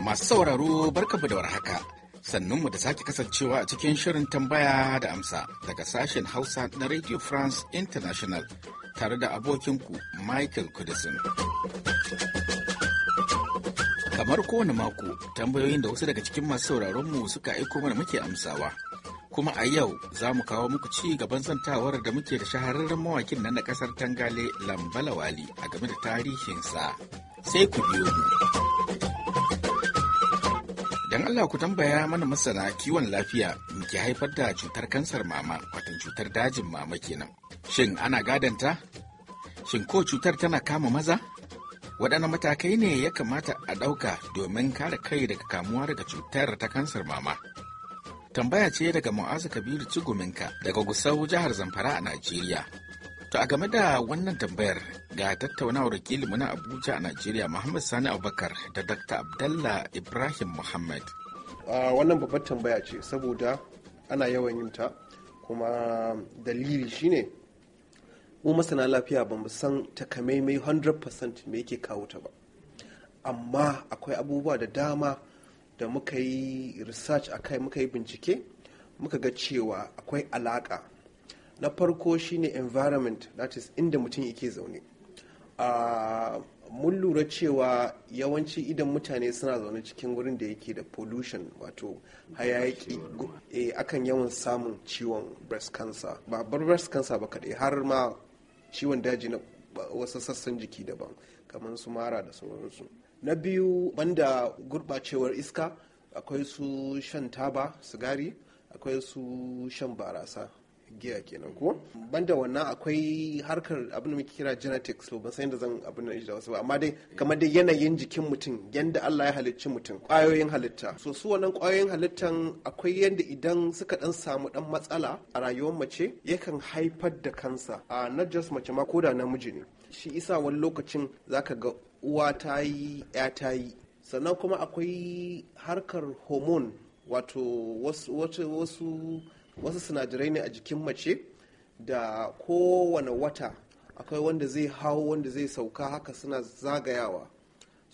Masu sauraro barka da warhaka. Sannunmu da sake kasancewa a cikin shirin tambaya da amsa daga sashen Hausa na Radio France International tare da abokinku Michael Kudisin. Kamar kowane mako tambayoyin da wasu daga cikin masu mu suka aiko mana muke amsawa. Kuma a yau za mu kawo muku ci gaban zantawar da muke da shahararren mawakin nan na kasar Tangale Lambalawali a game da tarihinsa. Sai ku biyo mu. Dan Allah ku tambaya mana masana kiwon lafiya muke haifar da cutar kansar mama watan cutar dajin mama kenan. Shin ana gadanta? Shin ko cutar tana kama maza? waɗanne matakai ne ya kamata a ɗauka domin kare kai daga kamuwa daga cutar ta kansar mama tambaya ce daga mu'azu kabiru ciguminka daga gusau jihar zamfara a najeriya to a game da wannan tambayar ga tattaunawar wakilinmu na abuja a najeriya muhammad sani abubakar da dr abdallah ibrahim muhammad wannan babbar tambaya ce saboda ana yawan yin ta kuma dalili shine mu masana lafiya ba mu san takamaimai 100% me yake kawo ta ba amma akwai abubuwa da dama da muka yi research a kai muka yi bincike muka ga cewa akwai alaka na farko shine environment that is inda mutum yake zaune ah, mun lura cewa yawanci idan mutane suna zaune cikin wurin da yake da pollution wato hayaki e, akan yawan samun ciwon breast cancer ba breast cancer ba kaɗai har ma ciwon daji na wasu sassan jiki daban kamar su mara da sauransu na biyu banda gurɓacewar iska akwai su shan taba sigari akwai su shan barasa giya kenan ko banda wannan akwai harkar abin da muke kira genetics to ban san yadda zan abin da da wasu ba amma dai kamar dai yanayin jikin mutum yanda Allah ya halicci mutum kwayoyin halitta so su wannan kwayoyin halittan akwai yanda idan suka dan samu dan matsala a rayuwar mace yakan haifar da kansa a na just mace ma ko da namiji ne shi isa wani lokacin zaka ga uwa ta yi ya ta yi sannan kuma akwai harkar hormone wato wasu wasu sinadarai ne a jikin mace da kowane wata akwai wanda zai hau wanda zai sauka haka suna zagayawa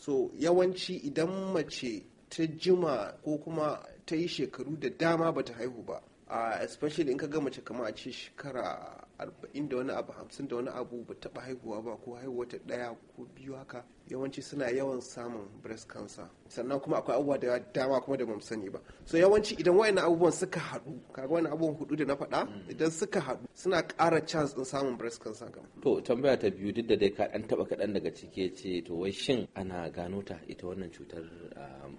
so yawanci idan mace ta jima ko kuma ta yi shekaru da dama bata haihu ba uh, especially in ka ga mace kama a ce shekara arba'in da wani abu hamsin da wani abu ba taɓa haihuwa ba ko haihuwa ta ɗaya ko biyu haka yawanci suna yawan samun breast cancer sannan kuma akwai abubuwa da dama kuma da bamu sani ba so yawanci idan wayana abubuwan suka haɗu kaga wayannan abubuwan hudu da na faɗa idan suka haɗu suna ƙara chance din samun breast cancer gam to tambaya ta biyu duk da dai ka dan taba kaɗan daga ciki ce to wai shin ana gano ta ita wannan cutar um,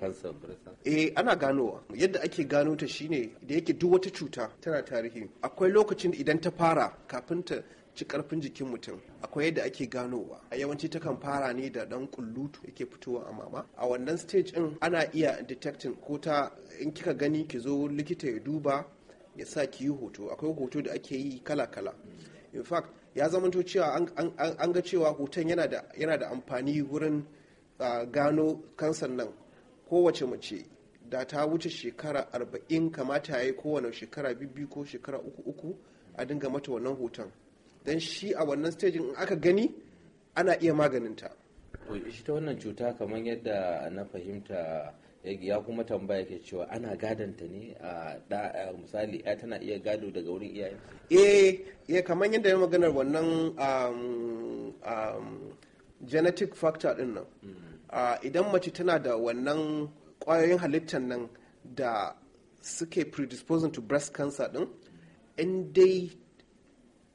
cancer breast cancer eh ana ganowa yadda ake gano ta shine da yake duk wata cuta tana tarihi akwai lokacin idan ta fara kafin ta ci karfin jikin mutum akwai yadda ake ganowa a yawanci takan fara ne da dan kullutu yake fitowa a mama a wannan stage din ana iya detecting ko ta in kika gani ki zo likita ya duba ya sa ki yi hoto akwai hoto da ake yi kala-kala in fact ya zamanto cewa an ga cewa hoton yana da amfani wurin gano kansan nan kowace mace da ta wuce shekara arba'in kamata ya yi kowane shekara biyu ko shekara uku uku a dinga mata wannan hoton Don shi a wannan stage in aka gani ana iya maganin ta. shi ta wannan cuta kamar yadda na fahimta ya kuma tambaya ke cewa ana gadanta ne a da misali ya tana iya gado daga wurin iyayen eh eh kamar yadda ya maganar wannan um, um, genetic factor din nan mm. ah, idan mace tana da wannan kwayoyin halittar nan da suke predisposing to breast cancer din in dai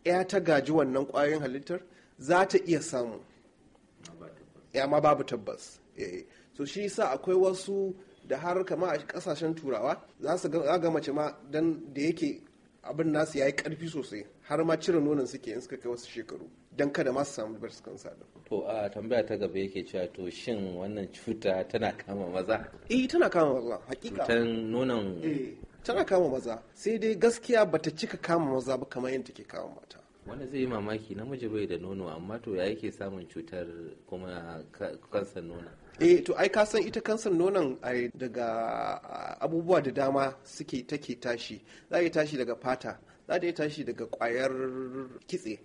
ya ta gaji wannan kwayoyin halittar za ta iya samu ya ma babu tabbas eh, eh. so shi sa akwai wasu da har kama a kasashen turawa za su ga mace ma dan da yake abin nasu ya yi karfi sosai har ma cire nonon suke in suka kai wasu shekaru don kada masu samu breast cancer din. To a tambaya ta gaba yake cewa to shin wannan cuta tana kama maza? Eh tana kama maza hakika. Cutan nonon eh. tana kama maza sai dai gaskiya bata cika kama maza ba kamar yadda take kama mata wanda zai yi mamaki namiji bai da nono amma to ya yake samun cutar kuma kansar nono eh to ai ka san ita kansar nonon daga ah, abubuwa da dama suke take tashi za yi tashi daga fata za ta tashi daga kwayar kitse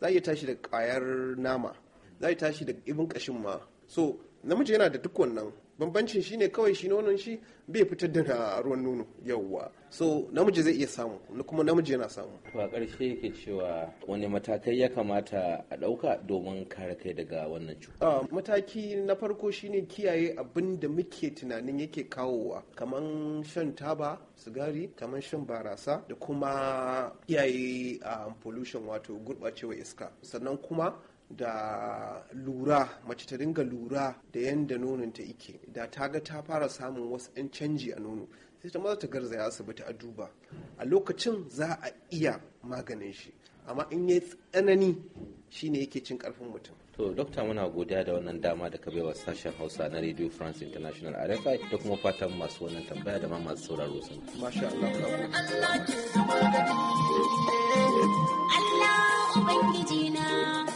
za yi tashi daga kwayar nama za yi tashi daga ibin kashin ma so namiji yana da duk wannan bambancin shine kawai shi nonon shi bai fitar da ruwan nono yawwa so namiji zai iya samu kuma namiji yana samu to a ƙarshe yake cewa wani matakai ya kamata a ɗauka domin kare kai daga wannan cuta ah, mataki na farko shine kiyaye abin da muke tunanin yake kawowa kaman shan taba sigari kaman shan barasa da kuma kiyaye a ah, pollution wato gurɓacewa iska sannan kuma da lura mace ta dinga lura da yadda nononta ike da ta ga ta fara samun wasu 'yan canji a nono sai ta maza ta garzaya asibiti a duba a lokacin za a iya maganin shi amma in ya tsanani shine yake cin karfin mutum to dokta muna godiya da wannan dama da ka baiwa sashen hausa na radio france international rfi da kuma fatan masu wannan tambaya da ma masu sauraro sun masha Allah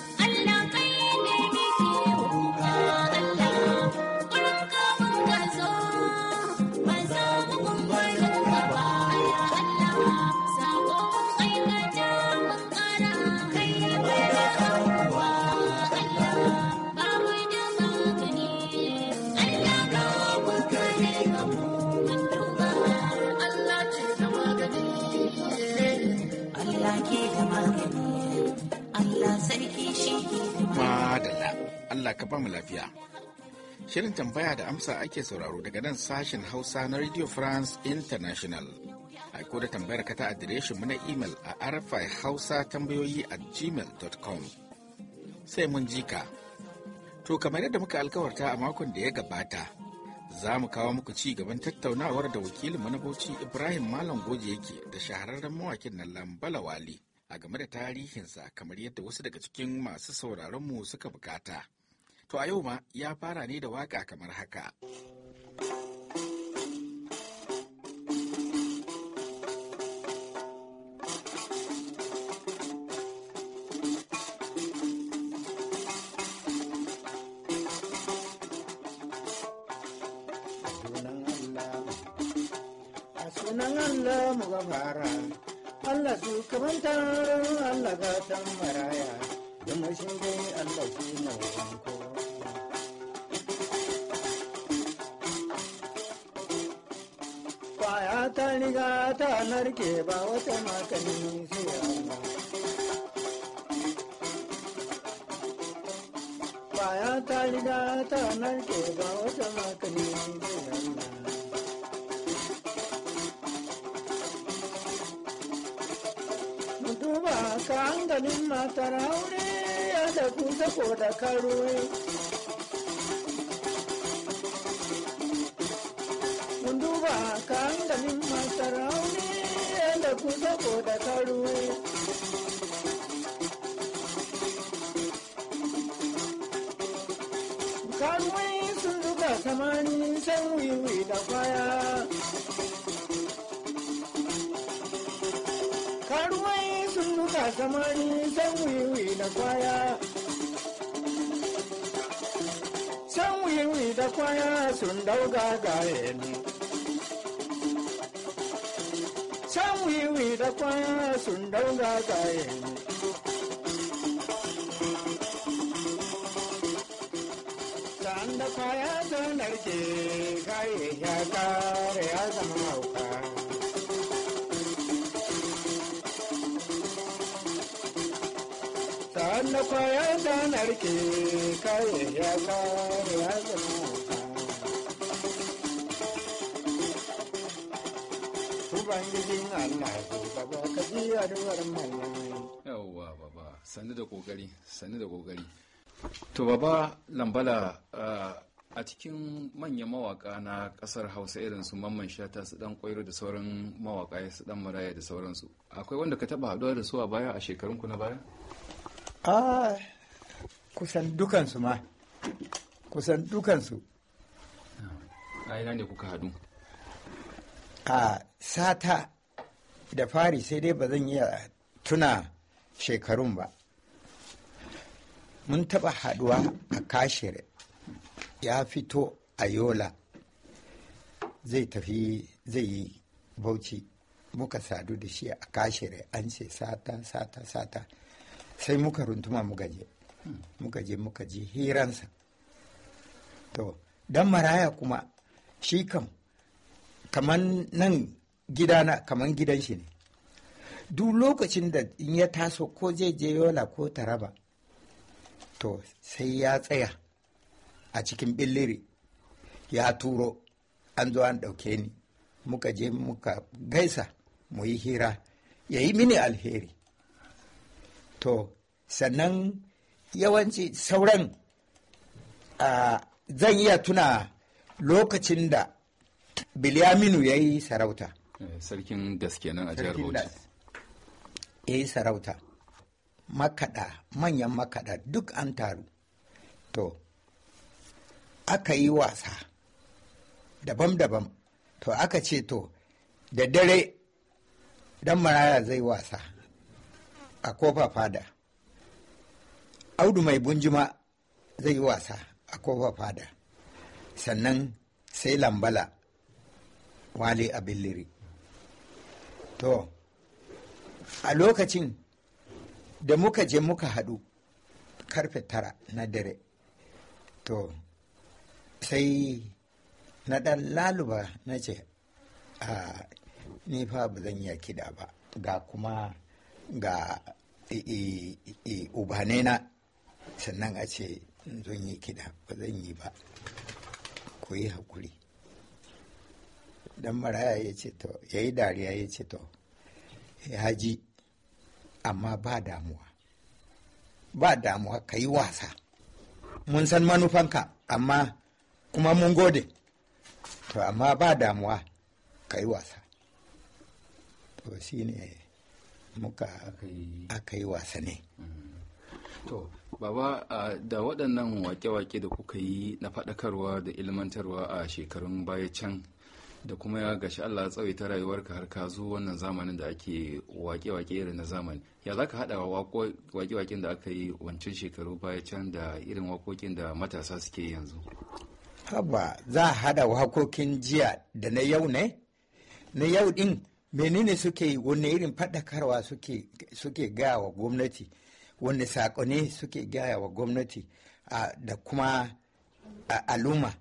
ba mu lafiya. Shirin tambaya da amsa ake sauraro daga nan sashen Hausa na Radio France International. Aiko da tambayar ka ta adireshin mu na imel a arafai hausa tambayoyi a gmail.com. Sai mun ji ka. To kamar yadda muka alkawarta a makon da ya gabata, za mu kawo muku ci gaban tattaunawar da wakilin manaboci Ibrahim Malam Goje yake da shahararren mawakin na Lambala Wali a game da tarihinsa kamar yadda wasu daga cikin masu sauraronmu suka bukata. To a yau ma ya fara ne da waka kamar haka. sunan Allah mu ga fara Allah su kamanta Allah ga maraya don mashin dai Allah su na wanko ta riga ta narke ba wata makani sai Allah. Baya ta riga ta narke ba wata makani sai Allah. Duba ka hangalin matar aure ya da kusa ko da karuwa. kan da min masarauni da ku saboda karu. Kanwai sun zuba samani san wiwi da kwaya. Karuwai sun zuba samani san wiwi da kwaya. San wiwi da kwaya sun dauga wiwi da kwaya sun dauga kaye. Sa'an da kwaya ta narke kaye ya kare ya zama hauka. Sa'an da kwaya ta narke kaye ya kare ya zama ubangiji Allah ko gaba ka biya duwar mallamai yawwa baba sannu da kokari sannu da kokari to baba lambala ah, a cikin manyan mawaka na kasar hausa irin su mamman shata su dan kwairo da sauran mawaka su dan maraya da sauransu akwai wanda ka taba haduwa da su a baya a shekarun ku na baya a ah, kusan dukansu ma kusan dukansu ah, a ina ne kuka haɗu. a sata da fari sai dai ba zan iya tuna shekarun ba mun taɓa haɗuwa a kashire ya fito a yola zai tafi zai yi bauchi muka sadu da shi a kashire an ce sata sata sata sai muka runtuma muka je muka je muka ji hiransa to dan maraya kuma shi kam kamar nan gidana kamar gidan shi ne duk lokacin da in ya taso ko zai je yola ko taraba to sai ya tsaya a cikin billiri ya turo an zo an ɗauke ni muka je muka gaisa mu yi hira ya yi mini alheri to sannan yawanci sauran zan iya tuna lokacin da bilyaminu ya yi sarauta sarkin das nan a jihar Bauchi ya yi sarauta makaɗa manyan makaɗa duk an taru to aka yi wasa daban-daban to aka ce to da dare dan maraya zai wasa a kofa fada audu mai bunjima zai yi wasa a kofa fada sannan sai lambala wale a billiri to a lokacin da muka je muka haɗu karfe tara na dare to sai na ɗan laluba na ce a ni fa ba zan iya kiɗa ba ga kuma ga ubane na sannan a ce zan yi kiɗa ba zan yi ba ku yi haƙuri dan maraya ya ce to ya yi dariya ya ce to ya eh, ji amma ba damuwa ba damuwa ka yi wasa mun san manufanka amma kuma mun gode to amma ba damuwa ka yi wasa to shi ne muka aka yi wasa ne mm. to baba da waɗannan wake-wake da kuka yi na faɗakarwa da ilmantarwa a shekarun baya can da kuma ya gashi Allah tsawai ta rayuwarka har ka zo wannan zamanin da ake wake-wake irin na zamani ya za ka haɗa wake-waken da aka yi wancan shekaru baya can da irin wakokin da matasa suke yanzu haba za a haɗa wakokin jiya da na yau ne na yau ɗin menene suke wanne irin faɗakarwa suke gaya wa gwamnati wanne ne suke gaya wa gwamnati da kuma a al'umma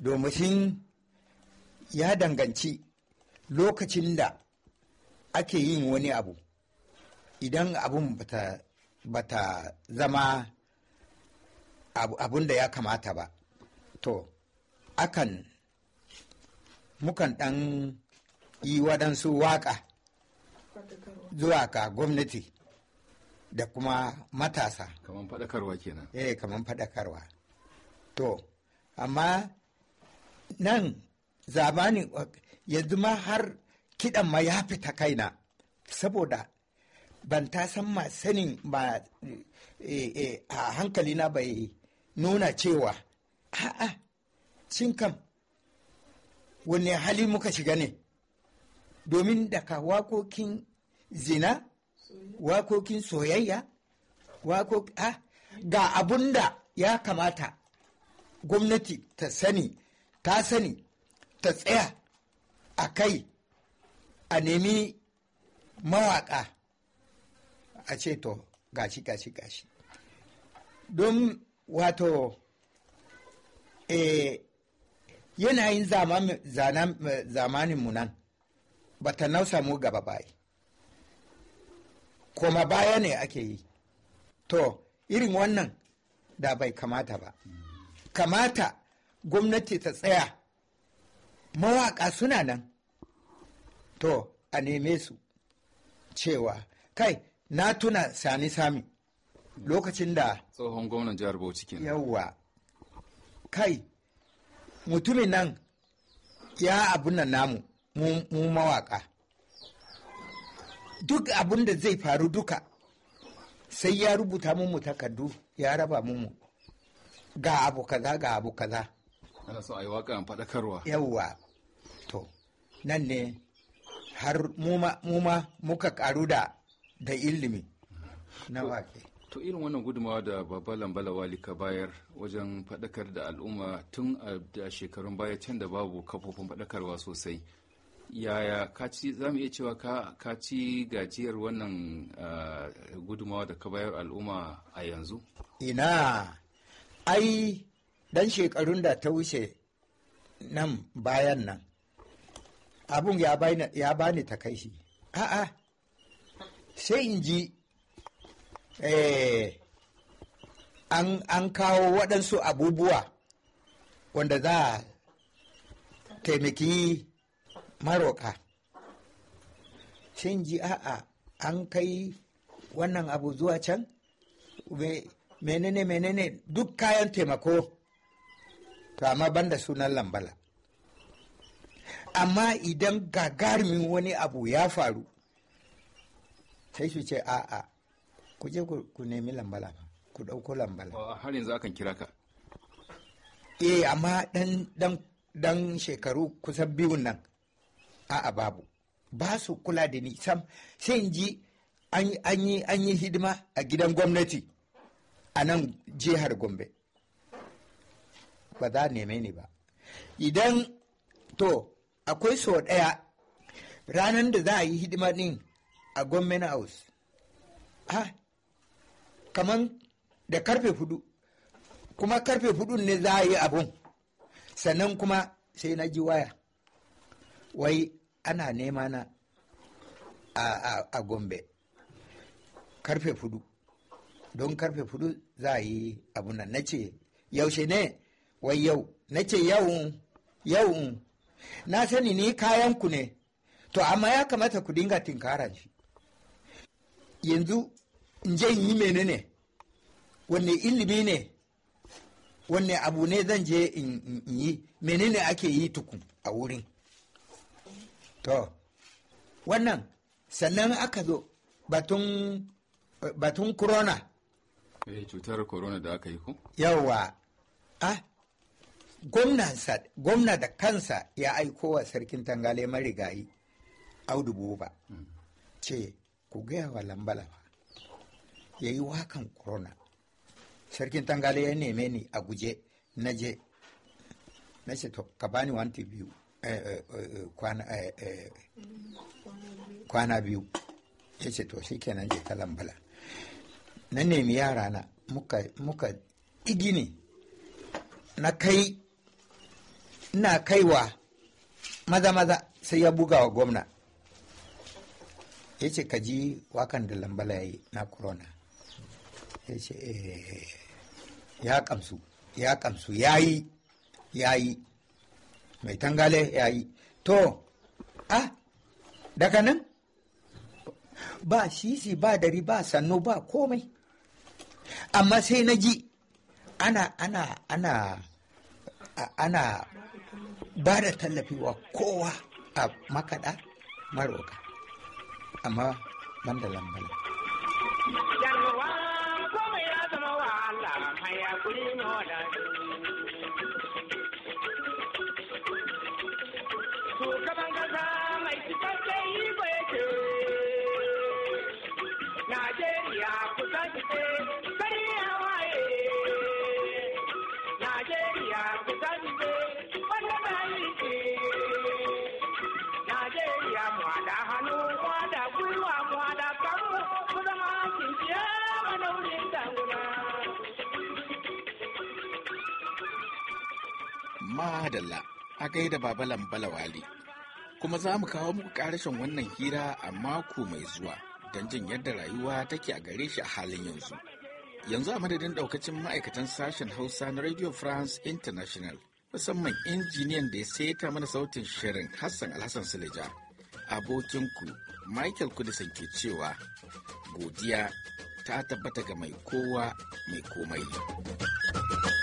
domin ya danganci lokacin da ake yin wani abu idan abun bata zama abun da ya kamata ba to akan mukan ɗan yi waɗansu waƙa zuwa ka gwamnati da kuma matasa kaman faɗakarwa kenan eh kaman faɗakarwa to amma nan zabani yanzu ma har kiɗan ma ya fita kaina saboda ban ta san ma sanin ba eh, eh, a hankali na bai nuna cewa a'a cin kam wani hali muka shiga ne domin daga wakokin zina wakokin soyayya a ga abun da ya kamata gwamnati ta sani ta sani ta tsaya a kai a nemi mawaƙa a ce to gashi gashi gashi don wato e, yanayin zamaninmu nan ba ta nausa mu gaba bai koma baya ne ake yi to irin wannan da bai kamata ba kamata gwamnati ta tsaya mawaƙa suna nan to a neme su cewa kai na tuna sani sami lokacin da tsohon gwamnan jihar bauchi kenan yawwa kai mutumin nan ya abun nan namu mu mawaƙa duk abun da zai faru duka sai ya rubuta mu takardu ya raba mu ga abu kaza ga abu kaza ana so a yi waƙa faɗakarwa yawwa nan ne har muma muka karu da da ilimi na wake to irin wannan gudumawa da baba lambala ka bayar wajen faɗakar da al'umma tun a shekarun baya can da babu kafofin faɗakarwa sosai yaya kaci za mu iya cewa ka ci gajiyar wannan gudumawa da ka bayar al'umma a yanzu ina ai dan shekarun da ta wuce nan bayan nan abun ya bani takaici a'a sai in ji eh, an kawo waɗansu abubuwa wanda za a taimaki maroka sai in ji a'a an kai wannan abu zuwa can menene menene duk kayan taimako to amma banda sunan lambala amma idan gagarumin wani abu ya faru sai su ce a'a ku je ku nemi lambala ku ɗauko lambala har yanzu akan kira ka eh amma dan shekaru kusan biyun nan a'a babu ba su kula da ni sam sai in ji an yi hidima a gidan gwamnati a nan jihar gombe ba za a neme ni ba idan to akwai sau ɗaya ranar da za a yi hidima ɗin a gwamnan house ha kamar da karfe hudu kuma karfe hudu ne za a yi abun sannan kuma sai na ji waya wai ana nema na a gombe karfe hudu don karfe hudu za a yi abunan na ce yaushe ne wai yau na ce yau yau na sani ni kayan ku ne to amma ya kamata ku dinga tinkaran shi yanzu in je in yi menene wanne ilimi ne wanne abu ne zan je in yi menene ake yi tukun a wurin to wannan sannan aka zo batun batun corona eh, cutar corona da aka yi ku yawwa ah gwamna da kansa ya aiko wa sarkin tangale marigayi audu buba ce ku gaya wa lambala ya yi wakan corona sarkin tangale ya neme ni a guje na je na ce to ka bani eh, eh, eh, wanti biyu kwana biyu ya ce to shi kenan je ta lambala na nemi yara na muka igini na kai ina kaiwa maza maza sai ya buga wa gwamna ya ce ka ji wakan da lambala ya yi na corona ya ce eh, ya kamsu ya kamsu ya yi ya yi mai tangale ya yi to ah daga nan ba sisi ba dari ba sannu ba komai amma sai na ji ana ana ana ana ba da tallafi wa kowa a makaɗa maroka amma ban da lambala ya zama wa Allah mai madalla a gaida babalan balawali kuma za mu kawo muku karashin wannan hira a mako mai zuwa don jin yadda rayuwa take a gare shi a halin yanzu yanzu a madadin daukacin ma'aikatan sashen hausa na radio france international musamman injiniyan da ya saita mana sautin shirin hassan alhassan suleja abokinku michael kudisan ke cewa godiya ta tabbata ga mai kowa mai komai.